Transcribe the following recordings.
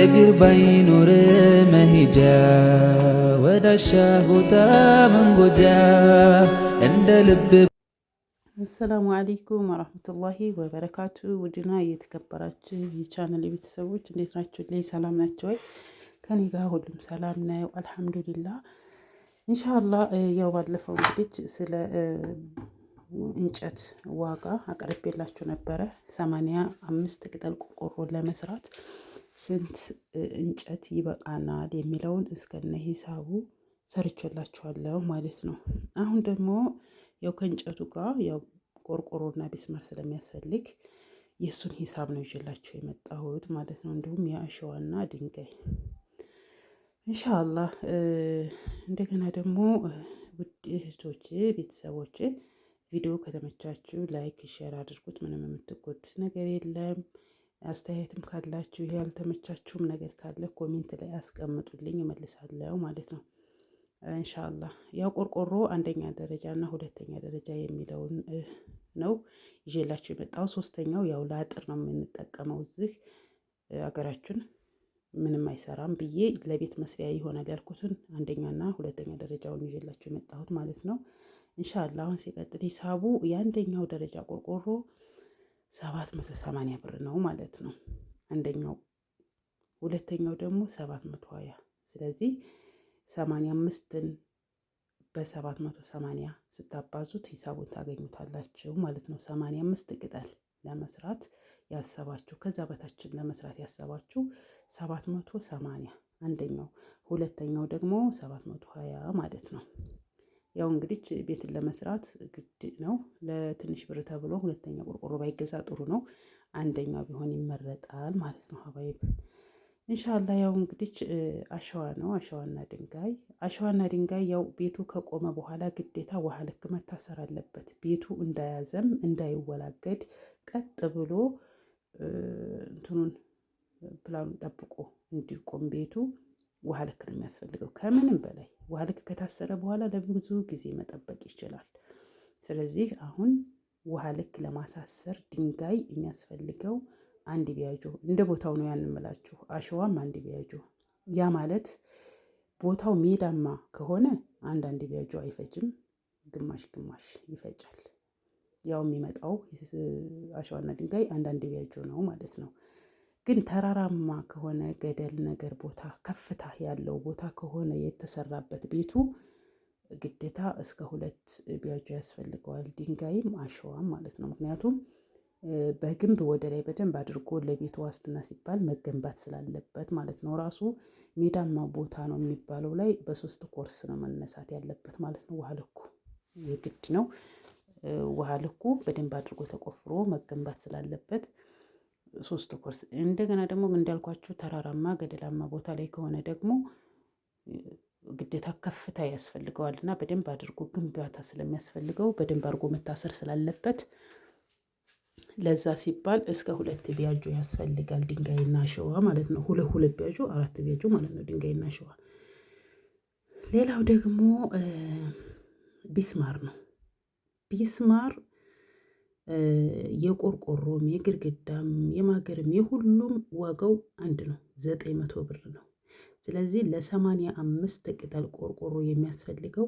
እግር ባይኖር መሄጃ ወዳሻ ቦታ መንጎጃ እንደ ልብ አሰላሙ አሌይኩም ወረህመቱላሂ ወበረካቱ። ውድና እየተከበራችሁ የቻናል ቤተሰቦች እንዴት ናቸው ላይ ሰላም ናቸው ወይ? ከኔ ጋር ሁሉም ሰላም ነው አልሐምዱሊላ። እንሻላ ያው ባለፈው እንግዲህ ስለ እንጨት ዋጋ አቅርቤላችሁ ነበረ ሰማንያ አምስት ቅጠል ቆርቆሮን ለመስራት ስንት እንጨት ይበቃናል የሚለውን እስከነ ሂሳቡ ሰርቼላችኋለሁ ማለት ነው። አሁን ደግሞ ያው ከእንጨቱ ጋር ያው ቆርቆሮና ቢስማር ስለሚያስፈልግ የእሱን ሂሳብ ነው ይዤላችሁ የመጣሁት ማለት ነው። እንዲሁም የአሸዋና ድንጋይ እንሻአላ እንደገና ደግሞ ውድ ቤተሰቦች ቪዲዮ ከተመቻችሁ ላይክ ሼር አድርጉት። ምንም የምትጎዱት ነገር የለም። አስተያየትም ካላችሁ ያልተመቻችሁም ነገር ካለ ኮሜንት ላይ አስቀምጡልኝ፣ እመልሳለሁ ማለት ነው። እንሻላ ያው ቆርቆሮ አንደኛ ደረጃ እና ሁለተኛ ደረጃ የሚለውን ነው ይዤላችሁ የመጣው። ሶስተኛው ያው ለአጥር ነው የምንጠቀመው። እዚህ አገራችን ምንም አይሰራም ብዬ ለቤት መስሪያ ይሆናል ያልኩትን አንደኛና ሁለተኛ ደረጃውን ይዤላችሁ የመጣሁት ማለት ነው። እንሻላ አሁን ሲቀጥል ሂሳቡ የአንደኛው ደረጃ ቆርቆሮ ሰባት መቶ ሰማንያ ብር ነው ማለት ነው አንደኛው። ሁለተኛው ደግሞ ሰባት መቶ ሀያ ስለዚህ ሰማንያ አምስትን በሰባት መቶ ሰማንያ ስታባዙት ሂሳቡን ታገኙታላችሁ ማለት ነው። ሰማንያ አምስት ቅጠል ለመስራት ያሰባችሁ ከዛ በታችን ለመስራት ያሰባችሁ ሰባት መቶ ሰማንያ አንደኛው፣ ሁለተኛው ደግሞ ሰባት መቶ ሀያ ማለት ነው። ያው እንግዲህ ቤትን ለመስራት ግድ ነው። ለትንሽ ብር ተብሎ ሁለተኛ ቆርቆሮ ባይገዛ ጥሩ ነው። አንደኛው ቢሆን ይመረጣል ማለት ነው። ሀባይብ እንሻላ ያው እንግዲህ አሸዋ ነው። አሸዋና ድንጋይ አሸዋና ድንጋይ ያው ቤቱ ከቆመ በኋላ ግዴታ ውሃ ልክ መታሰር አለበት። ቤቱ እንዳያዘም እንዳይወላገድ ቀጥ ብሎ እንትኑን ፕላኑን ጠብቆ እንዲቆም ቤቱ ውሃ ልክ ነው የሚያስፈልገው። ከምንም በላይ ውሃ ልክ ከታሰረ በኋላ ለብዙ ጊዜ መጠበቅ ይችላል። ስለዚህ አሁን ውሃ ልክ ለማሳሰር ድንጋይ የሚያስፈልገው አንድ ቢያጆ እንደ ቦታው ነው ያንምላችሁ፣ አሸዋም አንድ ቢያጆ። ያ ማለት ቦታው ሜዳማ ከሆነ አንድ አንድ ቢያጆ አይፈጅም፣ ግማሽ ግማሽ ይፈጫል። ያው የሚመጣው አሸዋና ድንጋይ አንድ አንድ ቢያጆ ነው ማለት ነው። ግን ተራራማ ከሆነ ገደል ነገር ቦታ ከፍታ ያለው ቦታ ከሆነ የተሰራበት ቤቱ ግዴታ እስከ ሁለት ቢያጅ ያስፈልገዋል። ድንጋይም አሸዋም ማለት ነው። ምክንያቱም በግንብ ወደ ላይ በደንብ አድርጎ ለቤቱ ዋስትና ሲባል መገንባት ስላለበት ማለት ነው። ራሱ ሜዳማ ቦታ ነው የሚባለው ላይ በሶስት ኮርስ ነው መነሳት ያለበት ማለት ነው። ውሃ ልኩ የግድ ነው። ውሃ ልኩ በደንብ አድርጎ ተቆፍሮ መገንባት ስላለበት ሶስት ኮርስ። እንደገና ደግሞ እንዳልኳችሁ ተራራማ ገደላማ ቦታ ላይ ከሆነ ደግሞ ግዴታ ከፍታ ያስፈልገዋል እና በደንብ አድርጎ ግንባታ ስለሚያስፈልገው በደንብ አድርጎ መታሰር ስላለበት ለዛ ሲባል እስከ ሁለት ቢያጆ ያስፈልጋል። ድንጋይና ሸዋ ማለት ነው። ሁለት ሁለት ቢያጆ አራት ቢያጆ ማለት ነው። ድንጋይና አሸዋ። ሌላው ደግሞ ቢስማር ነው። ቢስማር የቆርቆሮም የግርግዳም የማገርም የሁሉም ዋጋው አንድ ነው፣ ዘጠኝ መቶ ብር ነው። ስለዚህ ለሰማንያ አምስት ቅጠል ቆርቆሮ የሚያስፈልገው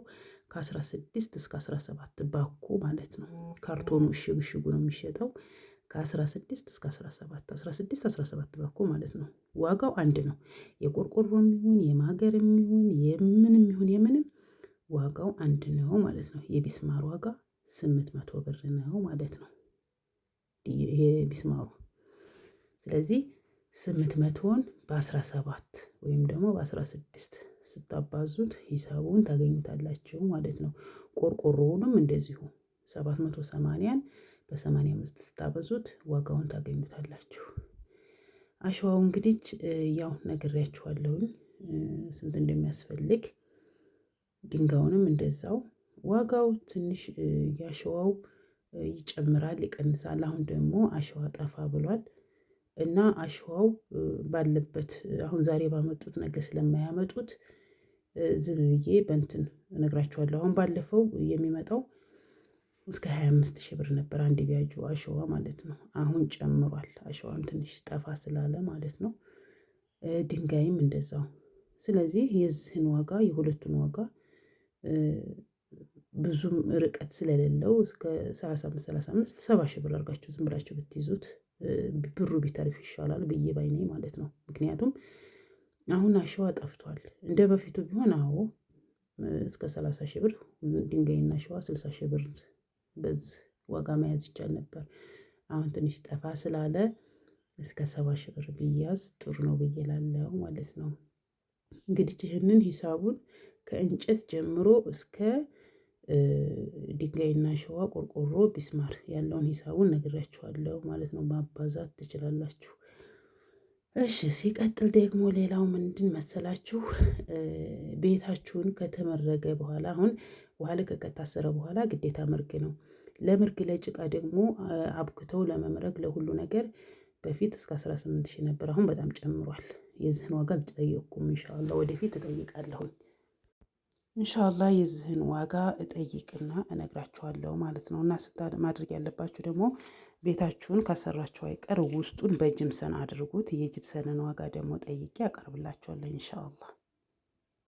ከ16 እስከ 17 ባኮ ማለት ነው። ካርቶኑ እሽግ ነው የሚሸጠው ከ16 እስከ 17 16 ባኮ ማለት ነው። ዋጋው አንድ ነው። የቆርቆሮ የሚሆን የማገር የሚሆን የምንም ይሁን የምንም ዋጋው አንድ ነው ማለት ነው። የቢስማር ዋጋ ስምንት መቶ ብር ነው ማለት ነው። ይሄ ቢስማሩ። ስለዚህ ስምንት መቶን በአስራ ሰባት ወይም ደግሞ በአስራ ስድስት ስታባዙት ሂሳቡን ታገኙታላችሁ ማለት ነው። ቆርቆሮውንም እንደዚሁ ሰባት መቶ ሰማንያን በሰማንያ አምስት ስታበዙት ዋጋውን ታገኙታላችሁ። አሸዋው እንግዲህ ያው ነግሬያችኋለሁኝ ስንት እንደሚያስፈልግ ድንጋዩንም እንደዛው ዋጋው ትንሽ ያሸዋው ይጨምራል ይቀንሳል። አሁን ደግሞ አሸዋ ጠፋ ብሏል። እና አሸዋው ባለበት አሁን ዛሬ ባመጡት ነገ ስለማያመጡት ዝም ብዬ በእንትን እነግራችኋለሁ። አሁን ባለፈው የሚመጣው እስከ 25 አምስት ሺህ ብር ነበር አንድ ቢያጁ አሸዋ ማለት ነው። አሁን ጨምሯል አሸዋም ትንሽ ጠፋ ስላለ ማለት ነው። ድንጋይም እንደዛው ስለዚህ የዚህን ዋጋ የሁለቱን ዋጋ ብዙም ርቀት ስለሌለው እስከ 35 35 ሰባ ሺህ ብር አድርጋችሁ ዝም ብላችሁ ብትይዙት ብሩ ቢተርፍ ይሻላል ብዬ ባይኔ ማለት ነው። ምክንያቱም አሁን አሸዋ ጠፍቷል። እንደ በፊቱ ቢሆን አዎ እስከ 30 ሺህ ብር ድንጋይና አሸዋ 60 ሺህ ብር በዚህ ዋጋ መያዝ ይቻል ነበር። አሁን ትንሽ ጠፋ ስላለ እስከ ሰባ ሺህ ብር ቢያዝ ጥሩ ነው ብዬ ላለው ማለት ነው። እንግዲህ ይህንን ሂሳቡን ከእንጨት ጀምሮ እስከ ድንጋይና ሸዋ ቆርቆሮ ቢስማር ያለውን ሂሳቡን ነግራችኋለሁ ማለት ነው። ማባዛት ትችላላችሁ። እሺ ሲቀጥል ደግሞ ሌላው ምንድን መሰላችሁ? ቤታችሁን ከተመረገ በኋላ አሁን ውሃ ልቀቅ ከታሰረ በኋላ ግዴታ ምርግ ነው። ለምርግ ለጭቃ ደግሞ አብክተው ለመምረግ ለሁሉ ነገር በፊት እስከ 18 ሺህ ነበር። አሁን በጣም ጨምሯል። የዚህን ዋጋ አልጠየቅኩም። ኢንሻአላህ ወደፊት እጠይቃለሁኝ። እንሻላ የዚህን ዋጋ እጠይቅና እነግራችኋለሁ ማለት ነው። እና ስታ ማድረግ ያለባችሁ ደግሞ ቤታችሁን ከሰራችሁ አይቀር ውስጡን በጅምሰን አድርጉት። የጅብሰንን ዋጋ ደግሞ ጠይቄ አቀርብላችኋለሁ እንሻላ።